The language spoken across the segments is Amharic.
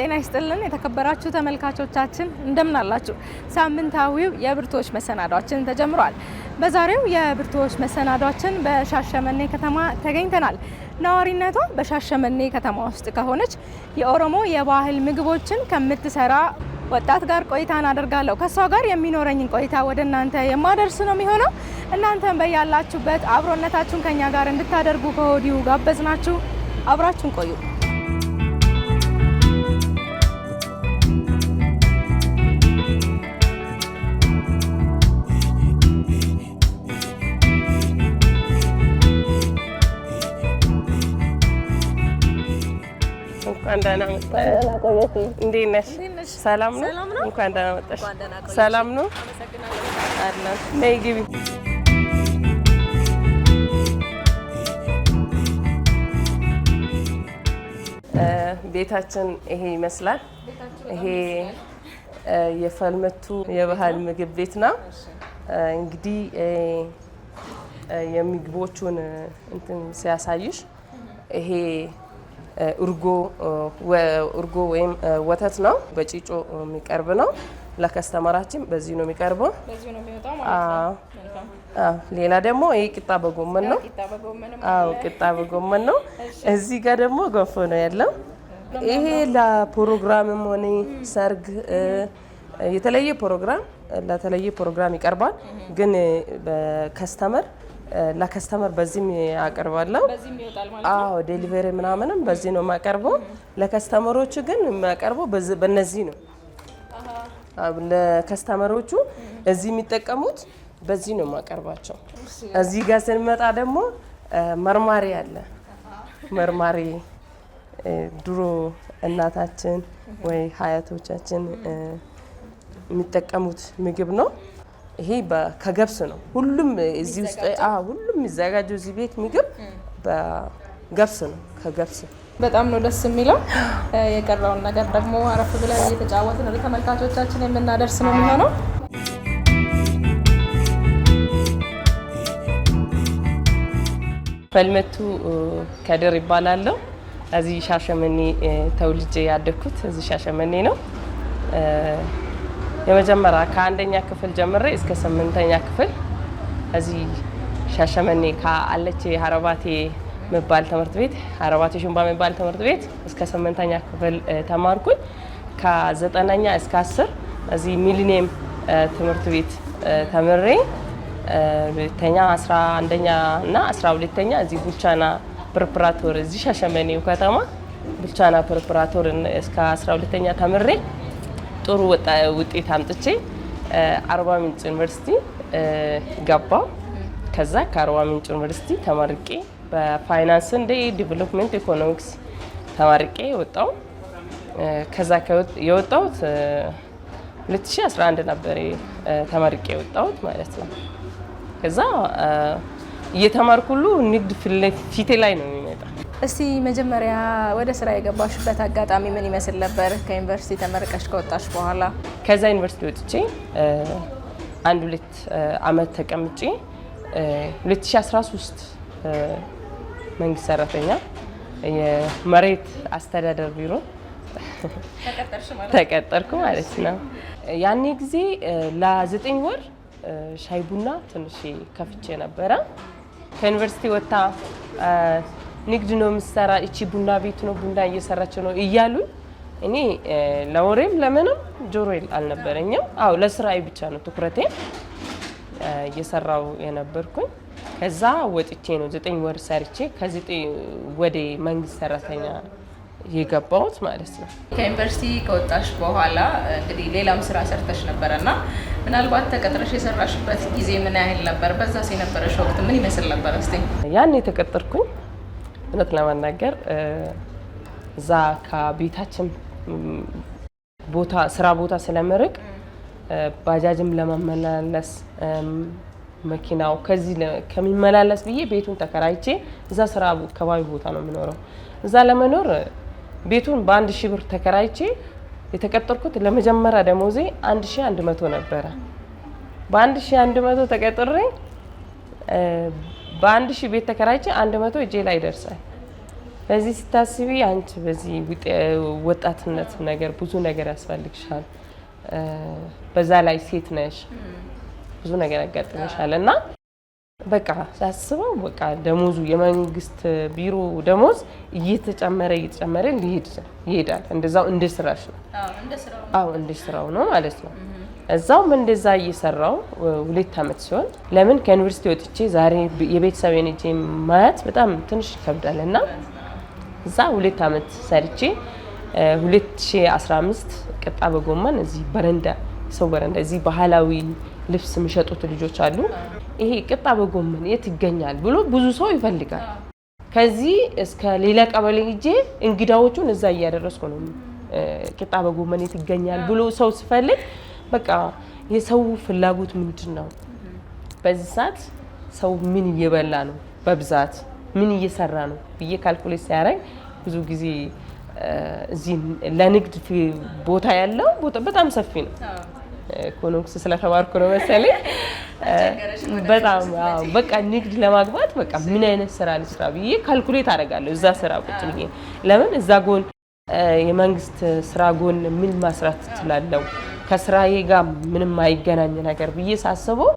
ጤና ይስጥልን የተከበራችሁ ተመልካቾቻችን እንደምን አላችሁ? ሳምንታዊው የብርቱዎች መሰናዷችን ተጀምሯል። በዛሬው የብርቱዎች መሰናዷችን በሻሸመኔ ከተማ ተገኝተናል። ነዋሪነቷ በሻሸመኔ ከተማ ውስጥ ከሆነች የኦሮሞ የባህል ምግቦችን ከምትሰራ ወጣት ጋር ቆይታን አደርጋለሁ። ከእሷ ጋር የሚኖረኝን ቆይታ ወደ እናንተ የማደርስ ነው የሚሆነው። እናንተን በያላችሁበት አብሮነታችሁን ከኛ ጋር እንድታደርጉ ከወዲሁ ጋበዝናችሁ። አብራችሁን ቆዩ። እንኳን ደህና መጣሽ። እንዴት ነሽ? ሰላም ነው? እንኳን ደህና መጣሽ። ሰላም ነው? ነይ ግቢ። ቤታችን ይሄ ይመስላል። ይሄ የፈልመቱ የባህል ምግብ ቤት ነው። እንግዲህ የምግቦቹን እንትን ሲያሳይሽ ይሄ እርጎ እርጎ ወይም ወተት ነው። በጭጮ የሚቀርብ ነው። ለከስተመራችን በዚህ ነው የሚቀርበው። ሌላ ደግሞ ይሄ ቂጣ በጎመን ነው። አዎ ቂጣ በጎመን ነው። እዚህ ጋር ደግሞ ገንፎ ነው ያለው። ይሄ ለፕሮግራምም ሆነ ሰርግ የተለየ ፕሮግራም ለተለየ ፕሮግራም ይቀርባል። ግን በከስተመር ለከስተመር በዚህም አቀርባለሁ። አዎ ዴሊቨሪ ምናምንም በዚህ ነው የማቀርበው። ለከስተመሮቹ ግን የማቀርበው በነዚህ ነው። ለከስተመሮቹ እዚህ የሚጠቀሙት በዚህ ነው የማቀርባቸው። እዚህ ጋር ስንመጣ ደግሞ መርማሪ አለ። መርማሪ ድሮ እናታችን ወይ ሀያቶቻችን የሚጠቀሙት ምግብ ነው። ይሄ ከገብስ ነው። ሁሉም እዚህ ውስጥ ሁሉም የሚዘጋጀው እዚህ ቤት ምግብ በገብስ ነው። ከገብስ በጣም ነው ደስ የሚለው። የቀረውን ነገር ደግሞ አረፍ ብለን እየተጫወትን ወደ ተመልካቾቻችን የምናደርስ ነው የሚሆነው። ፈልመቱ ከድር ይባላለሁ። እዚህ ሻሸመኔ ተውልጄ ያደግኩት እዚህ ሻሸመኔ ነው። የመጀመሪያ ከአንደኛ ክፍል ጀምሬ እስከ ስምንተኛ ክፍል እዚህ ሻሸመኔ ከአለቼ ሀረባቴ የሚባል ትምህርት ቤት ሀረባቴ ሹምባ የሚባል ትምህርት ቤት እስከ ስምንተኛ ክፍል ተማርኩኝ። ከዘጠነኛ እስከ አስር እዚህ ሚሊኒየም ትምህርት ቤት ተምሬ ሁለተኛ አስራ አንደኛ እና አስራ ሁለተኛ እዚህ ቡልቻና ፕሪፓራቶሪ እዚህ ሻሸመኔው ከተማ ቡልቻና ፕሪፓራቶሪ እስከ አስራ ሁለተኛ ተምሬ ጥሩ ውጤት አምጥቼ አርባ ምንጭ ዩኒቨርሲቲ ገባ። ከዛ ከአርባ ምንጭ ዩኒቨርሲቲ ተመርቄ በፋይናንስ እንደ ዲቨሎፕመንት ኢኮኖሚክስ ተመርቄ ወጣው። ከዛ የወጣሁት 2011 ነበር ተመርቄ የወጣሁት ማለት ነው። ከዛ እየተማርኩ ሁሉ ንግድ ፊቴ ላይ ነው የሚመጣ እስቲ መጀመሪያ ወደ ስራ የገባሽበት አጋጣሚ ምን ይመስል ነበር? ከዩኒቨርሲቲ ተመርቀሽ ከወጣሽ በኋላ? ከዛ ዩኒቨርሲቲ ወጥቼ አንድ ሁለት አመት ተቀምጬ 2013 መንግስት ሰራተኛ የመሬት አስተዳደር ቢሮ ተቀጠርኩ ማለት ነው። ያኔ ጊዜ ለዘጠኝ ወር ሻይ ቡና ትንሽ ከፍቼ ነበረ ከዩኒቨርሲቲ ወጥታ ንግድ ነው የምሰራ፣ እቺ ቡና ቤት ነው ቡና እየሰራች ነው እያሉ እኔ ለወሬም ለምንም ጆሮ አልነበረኝም። አዎ ለስራዬ ብቻ ነው ትኩረቴ እየሰራው የነበርኩኝ። ከዛ ወጥቼ ነው ዘጠኝ ወር ሰርቼ ከዘጠኝ ወደ መንግስት ሰራተኛ የገባሁት ማለት ነው። ከዩኒቨርሲቲ ከወጣሽ በኋላ እንግዲህ ሌላም ስራ ሰርተሽ ነበረ እና ምናልባት ተቀጥረሽ የሰራሽበት ጊዜ ምን ያህል ነበር? በዛ የነበረሽ ወቅት ምን ይመስል ነበር? እስኪ ያን የተቀጠርኩኝ እውነት ለመናገር እዛ ከቤታችን ቦታ ስራ ቦታ ስለምርቅ ባጃጅም ለመመላለስ መኪናው ከዚህ ከሚመላለስ ብዬ ቤቱን ተከራይቼ እዛ ስራ አካባቢ ቦታ ነው የምኖረው። እዛ ለመኖር ቤቱን በአንድ ሺህ ብር ተከራይቼ የተቀጠርኩት ለመጀመሪያ ደሞዜ አንድ ሺህ አንድ መቶ ነበረ። በአንድ ሺህ አንድ መቶ ተቀጥሬ በአንድ ሺህ ቤት ተከራይቼ አንድ መቶ እጄ ላይ ይደርሳል። በዚህ ስታስቢ አንቺ በዚህ ወጣትነት ነገር ብዙ ነገር ያስፈልግሻል። በዛ ላይ ሴት ነሽ፣ ብዙ ነገር ያጋጥመሻል እና በቃ ሳስበው በቃ ደሞዙ የመንግስት ቢሮ ደሞዝ እየተጨመረ እየተጨመረ ይሄዳል። እንደዛው እንደ ስራሽ ነው። አዎ እንደ ስራው ነው ማለት ነው። እዛውም እንደዛ እየሰራው ሁለት አመት ሲሆን ለምን ከዩኒቨርሲቲ ወጥቼ ዛሬ የቤተሰብ እጄ ማየት በጣም ትንሽ ይከብዳል እና እዛ ሁለት አመት ሰርቼ 2015 ቅጣ በጎመን እዚህ በረንዳ ሰው በረንዳ እዚህ ባህላዊ ልብስ የሚሸጡት ልጆች አሉ። ይሄ ቅጣ በጎመን የት ይገኛል ብሎ ብዙ ሰው ይፈልጋል። ከዚህ እስከ ሌላ ቀበሌ ሄጄ እንግዳዎቹን እዛ እያደረስኩ ነው። ቅጣ በጎመን የት ይገኛል ብሎ ሰው ሲፈልግ በቃ የሰው ፍላጎት ምንድን ነው? በዚህ ሰዓት ሰው ምን እየበላ ነው? በብዛት ምን እየሰራ ነው ብዬ ካልኩሌት ሲያደርግ ብዙ ጊዜ እዚህ ለንግድ ቦታ ያለው በጣም ሰፊ ነው። ኢኮኖሚክስ ስለተማርኩ ነው መሰለኝ። በጣም በቃ ንግድ ለማግባት በቃ ምን አይነት ስራ ልስራ ብዬ ካልኩሌት አደርጋለሁ። እዛ ስራ ቁጭ ብዬ ለምን እዛ ጎን የመንግስት ስራ ጎን ምን ማስራት ትችላለው ከስራዬ ጋር ምንም አይገናኝ ነገር ብዬ ሳስበው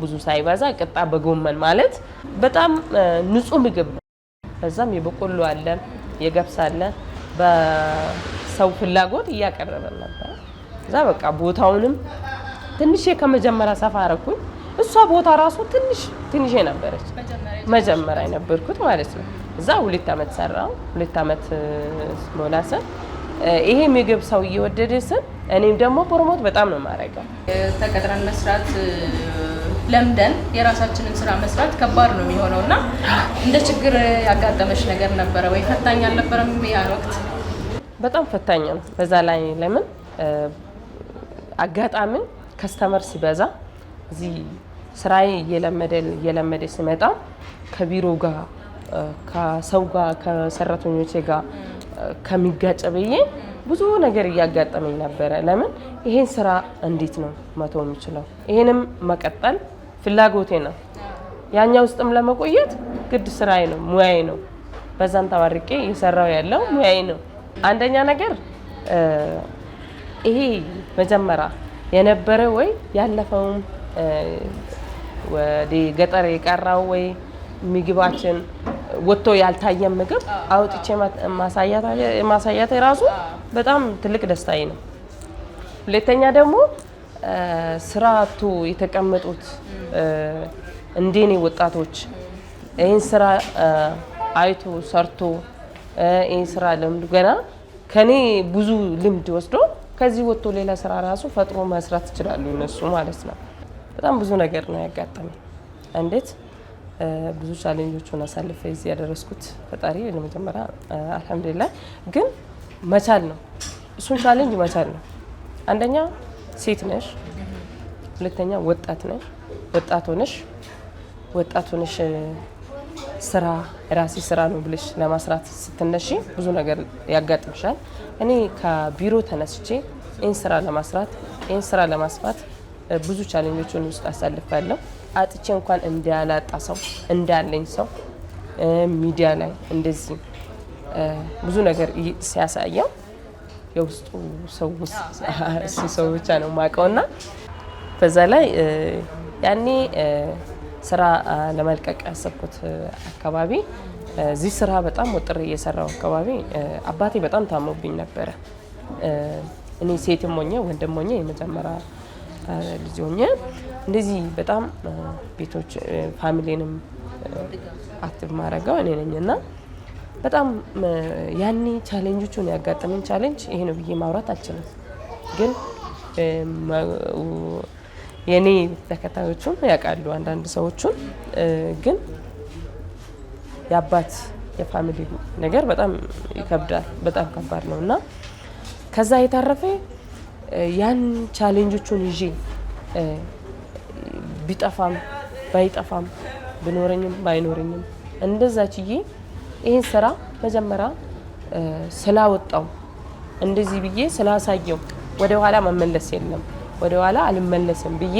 ብዙ ሳይበዛ ቅጣ በጎመን ማለት በጣም ንጹህ ምግብ ነው። በዛም የበቆሎ አለ፣ የገብስ አለ። በሰው ፍላጎት እያቀረበን ነበር። እዛ በቃ ቦታውንም ትንሽ ከመጀመሪያ ሰፋ አረኩኝ። እሷ ቦታ ራሱ ትንሽ ትንሽ ነበረች መጀመሪያ የነበርኩት ማለት ነው። እዛ ሁለት አመት ሰራው። ሁለት አመት ሞላሰ ይሄ ምግብ ሰው እየወደደ ስም እኔም ደግሞ ፕሮሞት በጣም ነው የማደርገው። ተቀጥረን መስራት ለምደን የራሳችንን ስራ መስራት ከባድ ነው የሚሆነው እና እንደ ችግር ያጋጠመች ነገር ነበረ ወይ ፈታኝ አልነበረም? ያን ወቅት በጣም ፈታኝ ነው። በዛ ላይ ለምን አጋጣሚ ከስተመር ሲበዛ እዚህ ስራዬ እየለመደ እየለመደ ሲመጣ ከቢሮ ጋር ከሰው ጋር ከሰራተኞቼ ጋር ከሚጋጨ ብዬ ብዙ ነገር እያጋጠመኝ ነበረ። ለምን ይሄን ስራ እንዴት ነው መተው የሚችለው? ይሄንም መቀጠል ፍላጎቴ ነው። ያኛ ውስጥም ለመቆየት ግድ ስራዬ ነው፣ ሙያዬ ነው። በዛም ተባርቄ እየሰራው ያለው ሙያዬ ነው። አንደኛ ነገር ይሄ መጀመሪያ የነበረ ወይ ያለፈውን ወደ ገጠር የቀራው ወይ ምግባችን ወጥቶ ያልታየ ምግብ አውጥቼ ማሳያት የራሱ በጣም ትልቅ ደስታዬ ነው። ሁለተኛ ደግሞ ስራ የተቀመጡት እንደኔ ወጣቶች ይህን ስራ አይቶ ሰርቶ ይህን ስራ ልምድ ገና ከኔ ብዙ ልምድ ወስዶ ከዚህ ወጥቶ ሌላ ስራ ራሱ ፈጥሮ መስራት ይችላሉ እነሱ ማለት ነው። በጣም ብዙ ነገር ነው ያጋጠመኝ እንዴት ብዙ ቻሌንጆችን አሳልፈ እዚህ ያደረስኩት ፈጣሪ ለመጀመሪያ አልሐምዱሊላ። ግን መቻል ነው እሱን ቻሌንጅ መቻል ነው። አንደኛ ሴት ነሽ፣ ሁለተኛ ወጣት ነሽ። ወጣት ሆነሽ ወጣት ሆነሽ ስራ ራሴ ስራ ነው ብለሽ ለማስራት ስትነሺ ብዙ ነገር ያጋጥምሻል። እኔ ከቢሮ ተነስቼ ይህን ስራ ለማስራት ይህን ስራ ለማስፋት ብዙ ቻሌንጆችን ውስጥ አሳልፋለሁ። አጥቼ እንኳን እንዳላጣ ሰው እንዳለኝ ሰው ሚዲያ ላይ እንደዚህ ብዙ ነገር ሲያሳየው የውስጡ ሰው እሱ ሰው ብቻ ነው ማውቀውና በዛ ላይ ያኔ ስራ ለመልቀቅ ያሰብኩት አካባቢ እዚህ ስራ በጣም ወጥር እየሰራው አካባቢ አባቴ በጣም ታሞብኝ ነበረ። እኔ ሴትም ሆኜ ወንድም ሆኜ የመጀመሪያ ልጅ ሆኜ እንደዚህ በጣም ቤቶች ፋሚሊንም አክቲቭ ማድረገው እኔ ነኝ እና በጣም ያኔ ቻሌንጆቹን ያጋጠመኝ ቻሌንጅ ይሄ ነው ብዬ ማውራት አልችልም። ግን የእኔ ተከታዮቹን ያውቃሉ አንዳንድ ሰዎቹን ግን የአባት የፋሚሊ ነገር በጣም ይከብዳል። በጣም ከባድ ነው እና ከዛ የተረፈ ያን ቻሌንጆቹን ይዤ ቢጠፋም ባይጠፋም ብኖረኝም ባይኖረኝም እንደዛ ችዬ ይህን ስራ መጀመሪያ ስላወጣው እንደዚህ ብዬ ስላሳየው ወደኋላ መመለስ የለም ወደኋላ አልመለስም ብዬ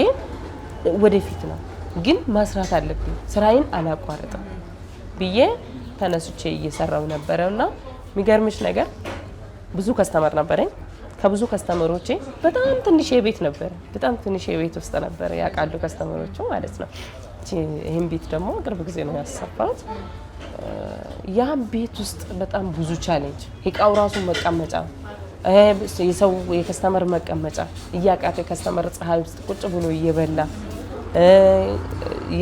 ወደፊት ነው ግን ማስራት አለብኝ ስራዬን አላቋርጥም ብዬ ተነስቼ እየሰራው እና የሚገርምሽ ነገር ብዙ ከስተመር ነበረኝ። ከብዙ ከስተመሮቼ በጣም ትንሽ ቤት ነበረ። በጣም ትንሽ ቤት ውስጥ ነበረ ያውቃሉ ከስተመሮቹ ማለት ነው። ይህን ቤት ደግሞ ቅርብ ጊዜ ነው ያሰባት ያም ቤት ውስጥ በጣም ብዙ ቻሌንጅ እቃው ራሱ መቀመጫ የሰው የከስተመር መቀመጫ እያቃተ የከስተመር ፀሐይ ውስጥ ቁጭ ብሎ እየበላ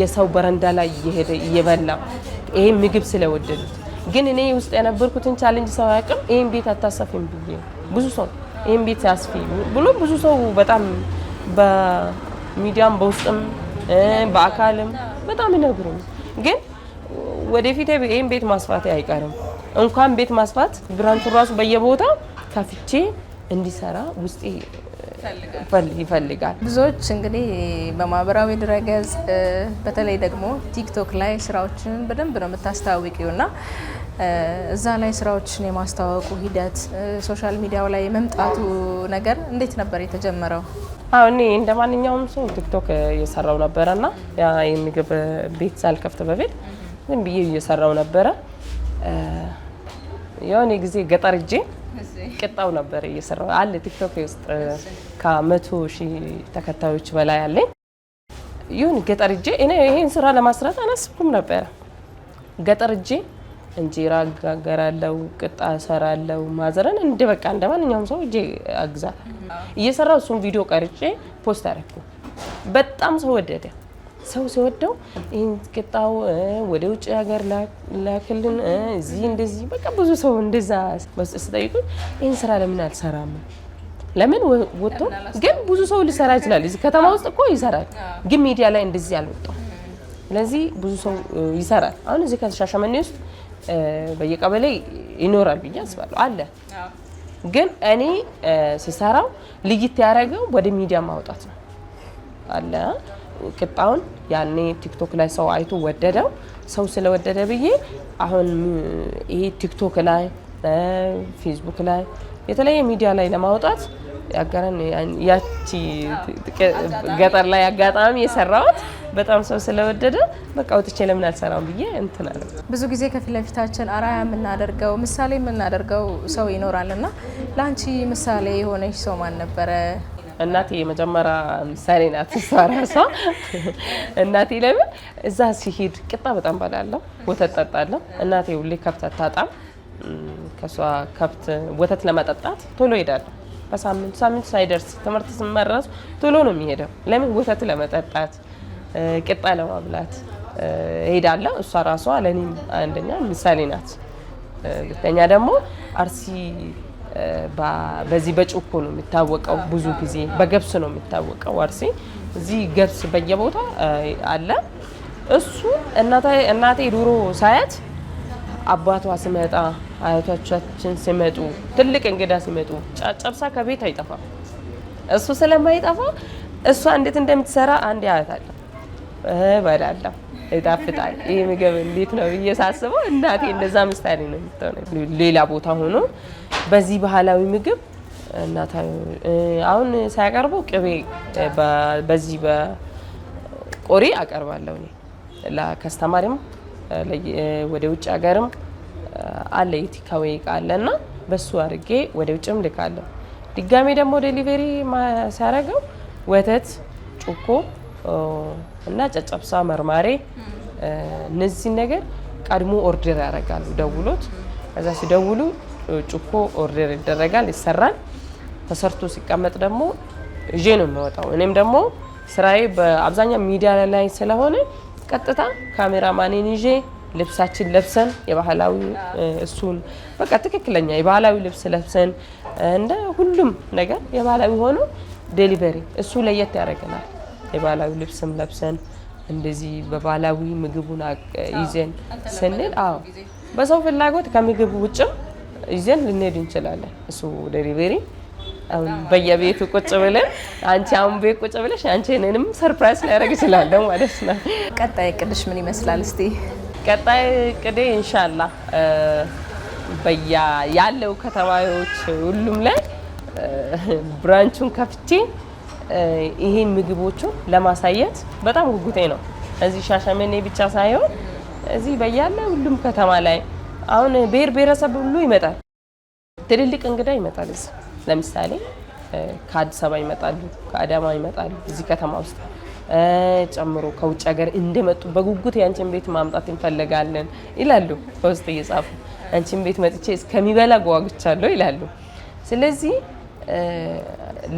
የሰው በረንዳ ላይ እየሄደ እየበላ ይሄ ምግብ ስለወደዱት ግን እኔ ውስጥ የነበርኩትን ቻሌንጅ ሰው አያውቅም። ይህን ቤት አታሰፊም ብዬ ብዙ ሰው ይህን ቤት ያስፊ ብሎ ብዙ ሰው በጣም በሚዲያም በውስጥም በአካልም በጣም ይነግሩኝ። ግን ወደፊት ይህን ቤት ማስፋት አይቀርም። እንኳን ቤት ማስፋት ብራንቹን ራሱ በየቦታው ከፍቼ እንዲሰራ ውስጤ ይፈልጋል። ብዙዎች እንግዲህ በማህበራዊ ድረገጽ በተለይ ደግሞ ቲክቶክ ላይ ስራዎችን በደንብ ነው የምታስተዋውቂው እና እዛ ላይ ስራዎችን የማስተዋወቁ ሂደት ሶሻል ሚዲያው ላይ የመምጣቱ ነገር እንዴት ነበር የተጀመረው? አዎ እኔ እንደ ማንኛውም ሰው ቲክቶክ እየሰራው ነበረና ያ የምግብ ቤት ሳልከፍት በፊት ዝም ብዬ እየሰራው ነበረ። የሆነ ጊዜ ገጠር እጄ ቅጣው ነበር እየሰራው አለ ቲክቶክ ውስጥ ከመቶ ሺህ ተከታዮች በላይ አለኝ። ይሁን ገጠር እጄ እኔ ይሄን ስራ ለማስራት አላስብኩም ነበረ ገጠር እጄ እንጀራ አጋገራለሁ፣ ቅጣ ሰራለሁ። ማዘረን እንደ በቃ እንደ ማንኛውም ሰው እጄ አግዛታለሁ እየሰራው እሱን ቪዲዮ ቀርጬ ፖስት አደረኩ። በጣም ሰው ወደደ። ሰው ሲወደው ይህን ቅጣው ወደ ውጭ ሀገር ላክልን፣ እዚህ እንደዚህ በቃ ብዙ ሰው እንደዛ ስጠይቁኝ ይህን ስራ ለምን አልሰራም? ለምን ወጥቶ ግን ብዙ ሰው ሊሰራ ይችላል። እዚህ ከተማ ውስጥ እኮ ይሰራል፣ ግን ሚዲያ ላይ እንደዚህ አልወጣም። ስለዚህ ብዙ ሰው ይሰራል። አሁን እዚህ ከሻሸመኔ ውስጥ በየቀበሌ ይኖራል ብዬ አስባለሁ። አለ ግን እኔ ስሰራው ልይት ያደረገው ወደ ሚዲያ ማውጣት ነው። አለ ቅጣውን ያኔ ቲክቶክ ላይ ሰው አይቶ ወደደው። ሰው ስለወደደ ብዬ አሁን ይሄ ቲክቶክ ላይ ፌስቡክ ላይ የተለያየ ሚዲያ ላይ ለማውጣት ያቺ ገጠር ላይ አጋጣሚ የሰራሁት በጣም ሰው ስለወደደ በቃ ወጥቼ ለምን አልሰራም ብዬ እንትን ብዙ ጊዜ ከፊት ለፊታችን አራያ የምናደርገው ምሳሌ የምናደርገው ሰው ይኖራል እና ለአንቺ ምሳሌ የሆነች ሰው ማን ነበረ? እናቴ የመጀመሪያ ምሳሌ ናት። ራሷ እናቴ ለምን እዛ ሲሄድ ቂጣ በጣም በላለሁ፣ ወተት ጠጣለሁ። እናቴ ሁሌ ከብት አታጣም። ከሷ ከብት ወተት ለመጠጣት ቶሎ ሄዳለሁ። በሳምንቱ ሳምንቱ ሳይደርስ ትምህርት ስመረሱ ቶሎ ነው የሚሄደው። ለምን ወተት ለመጠጣት ቅጣ ለማብላት ሄዳለሁ። እሷ ራሷ ለእኔም አንደኛ ምሳሌ ናት። ሁለተኛ ደግሞ አርሲ በዚህ በጭኮ ነው የሚታወቀው። ብዙ ጊዜ በገብስ ነው የሚታወቀው አርሲ። እዚህ ገብስ በየቦታ አለ። እሱ እናቴ ዱሮ ሳያት አባቷ ሲመጣ አያቶቻችን ሲመጡ ትልቅ እንግዳ ሲመጡ ጨብሳ ከቤት አይጠፋም። እሱ ስለማይጠፋ እሷ እንዴት እንደምትሰራ አንድ አያት አለ እበላለሁ፣ ይጣፍጣል። ይህ ምግብ እንዴት ነው ብዬ ሳስበው እናቴ እንደዛ ምሳሌ ነው የምትሆነው። ሌላ ቦታ ሆኖ በዚህ ባህላዊ ምግብ እናታዊ አሁን ሳያቀርበው ቅቤ በዚህ በቆሬ አቀርባለሁ እኔ ለከስተማሪም ወደ ውጭ ሀገርም አለ የቲካዌ እቃ አለና በሱ አድርጌ ወደ ውጭም ልካለሁ። ድጋሜ ደግሞ ዴሊቨሪ ሲያደርገው ወተት ጩኮ እና ጨጨብሳ መርማሬ እነዚህን ነገር ቀድሞ ኦርደር ያደርጋሉ ደውሎት። ከዛ ሲደውሉ ጩኮ ኦርደር ይደረጋል፣ ይሰራል። ተሰርቶ ሲቀመጥ ደግሞ ይዤ ነው የሚወጣው። እኔም ደግሞ ስራዬ በአብዛኛው ሚዲያ ላይ ስለሆነ ቀጥታ ካሜራማኔን ይዤ ልብሳችን ለብሰን የባህላዊ እሱን በቃ ትክክለኛ የባህላዊ ልብስ ለብሰን እንደ ሁሉም ነገር የባህላዊ ሆኖ ዴሊቨሪ እሱ ለየት ያደርገናል። የባህላዊ ልብስም ለብሰን እንደዚህ በባህላዊ ምግቡን ይዘን ስንል፣ አዎ በሰው ፍላጎት ከምግብ ውጭም ይዘን ልንሄድ እንችላለን። እሱ ደሊቨሪ በየቤቱ ቁጭ ብለን አንቺ አሁን ቤት ቁጭ ብለሽ አንቺ እኔንም ሰርፕራይዝ ሊያደርግ ይችላለሁ ማለት ነው። ቀጣይ እቅድሽ ምን ይመስላል? እስቲ ቀጣይ እቅዴ እንሻላ በያ ያለው ከተማዎች ሁሉም ላይ ብራንቹን ከፍቼ ይሄን ምግቦቹን ለማሳየት በጣም ጉጉቴ ነው። እዚህ ሻሸመኔ ብቻ ሳይሆን እዚህ በያለ ሁሉም ከተማ ላይ አሁን ብሔር ብሔረሰብ ሁሉ ይመጣል። ትልልቅ እንግዳ ይመጣል። እዚህ ለምሳሌ ከአዲስ አበባ ይመጣሉ፣ ከአዳማ ይመጣሉ። እዚህ ከተማ ውስጥ ጨምሮ ከውጭ ሀገር እንደመጡ በጉጉት የአንቺን ቤት ማምጣት እንፈልጋለን ይላሉ በውስጥ እየጻፉ አንቺን ቤት መጥቼ እስከሚበላ ጓጉቻለሁ ይላሉ። ስለዚህ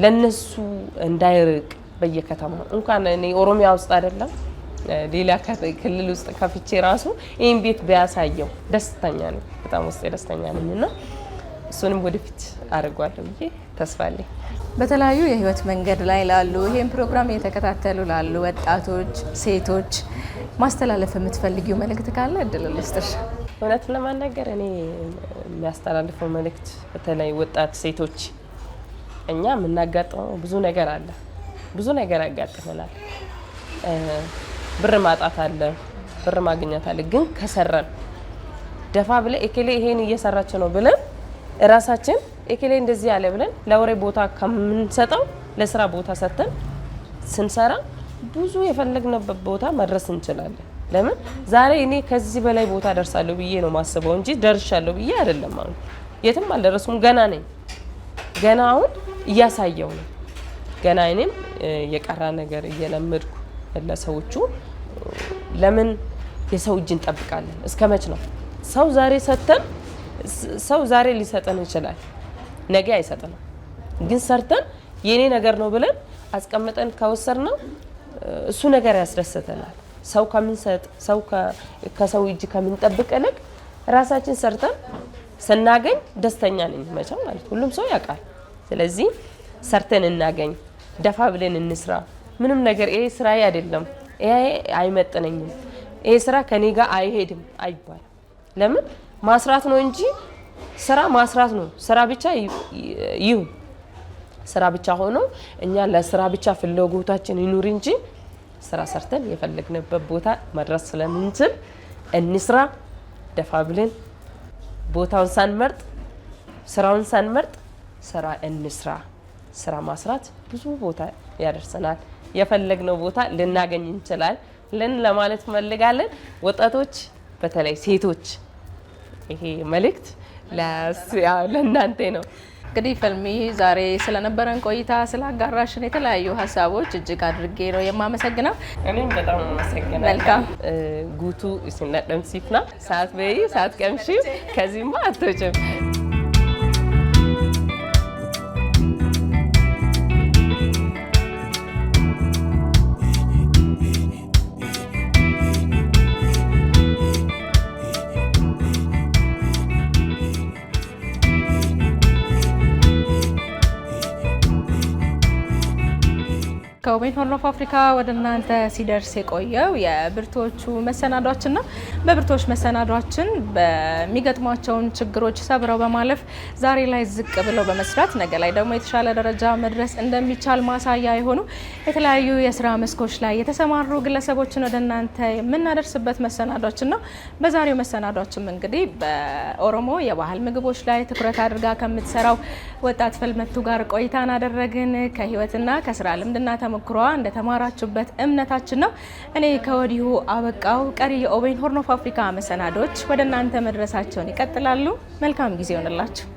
ለነሱ እንዳይርቅ በየከተማው እንኳን እኔ ኦሮሚያ ውስጥ አይደለም ሌላ ክልል ውስጥ ከፍቼ ራሱ ይህን ቤት ቢያሳየው ደስተኛ ነኝ። በጣም ውስጤ ደስተኛ ነኝ እና እሱንም ወደፊት አድርጓለሁ ብዬ ተስፋ አለኝ። በተለያዩ የህይወት መንገድ ላይ ላሉ ይህን ፕሮግራም እየተከታተሉ ላሉ ወጣቶች፣ ሴቶች ማስተላለፍ የምትፈልጊው መልእክት ካለ እድል ልስጥሽ። እውነት ለማናገር እኔ የሚያስተላልፈው መልእክት በተለይ ወጣት ሴቶች እኛ የምናጋጥመው ብዙ ነገር አለ። ብዙ ነገር ያጋጥመናል። ብር ማጣት አለ፣ ብር ማግኘት አለ። ግን ከሰረን ደፋ ብለን ኤኬሌ ይሄን እየሰራች ነው ብለን እራሳችን ኤኬሌ እንደዚህ ያለ ብለን ለወሬ ቦታ ከምንሰጠው ለስራ ቦታ ሰጥተን ስንሰራ ብዙ የፈለግነበት ቦታ መድረስ እንችላለን። ለምን ዛሬ እኔ ከዚህ በላይ ቦታ ደርሳለሁ ብዬ ነው ማስበው እንጂ ደርሻለሁ ብዬ አይደለም። አሁን የትም አልደረስኩም፣ ገና ነኝ። ገና አሁን እያሳየው ነው። ገና እኔም የቀረ ነገር እየለመድኩ ለሰዎቹ ለምን የሰው እጅ እንጠብቃለን? እስከ መች ነው ሰው ዛሬ ሰጥተን ሰው ዛሬ ሊሰጠን ይችላል፣ ነገ አይሰጥንም። ግን ሰርተን የኔ ነገር ነው ብለን አስቀምጠን ከወሰድ ነው እሱ ነገር ያስደስተናል። ሰው ከምንሰጥ ሰው ከሰው እጅ ከምንጠብቅ ይልቅ ራሳችን ሰርተን ስናገኝ ደስተኛ ነኝ መቼም ማለት ሁሉም ሰው ያውቃል። ስለዚህ ሰርተን እናገኝ፣ ደፋ ብለን እንስራ። ምንም ነገር ይሄ ስራ አይደለም፣ ይሄ አይመጥነኝም፣ ይሄ ስራ ከኔ ጋር አይሄድም አይባል። ለምን ማስራት ነው እንጂ ስራ ማስራት ነው። ስራ ብቻ ይሁን ስራ ብቻ ሆኖ እኛ ለስራ ብቻ ፍላጎታችን ይኑር እንጂ ስራ ሰርተን የፈለግንበት ቦታ መድረስ ስለምንችል እንስራ። ደፋ ብለን ቦታውን ሳንመርጥ ስራውን ሳንመርጥ ስራ እንስራ። ስራ ማስራት ብዙ ቦታ ያደርሰናል። የፈለግነው ቦታ ልናገኝ እንችላል ልን ለማለት ፈልጋለን። ወጣቶች፣ በተለይ ሴቶች ይሄ መልእክት ለእናንተ ነው። እንግዲህ ፈልሚ ዛሬ ስለነበረን ቆይታ ስላጋራሽን የተለያዩ ሀሳቦች እጅግ አድርጌ ነው የማመሰግነው። እኔም በጣም አመሰግናለሁ። መልካም ጉቱ ሲነደም ሲፍና ሰዓት በይ ሰዓት ቀምሺ ከዚህማ አትወጭም። ከዌን ኦፍ አፍሪካ ወደ እናንተ ሲደርስ የቆየው የብርቶቹ መሰናዷችን ነው። በብርቶች መሰናዷችን በሚገጥሟቸውን ችግሮች ሰብረው በማለፍ ዛሬ ላይ ዝቅ ብለው በመስራት ነገ ላይ ደግሞ የተሻለ ደረጃ መድረስ እንደሚቻል ማሳያ የሆኑ የተለያዩ የስራ መስኮች ላይ የተሰማሩ ግለሰቦችን ወደ እናንተ የምናደርስበት መሰናዷችን ነው። በዛሬው መሰናዷችም እንግዲህ በኦሮሞ የባህል ምግቦች ላይ ትኩረት አድርጋ ከምትሰራው ወጣት ፈልመቱ ጋር ቆይታን አደረግን። ከህይወትና ከስራ ልምድና ተሞ ተሞክሯ እንደተማራችሁበት እምነታችን ነው። እኔ ከወዲሁ አበቃው። ቀሪ የኦቤን ሆርን ኦፍ አፍሪካ መሰናዶች ወደ እናንተ መድረሳቸውን ይቀጥላሉ። መልካም ጊዜ ይሆንላችሁ።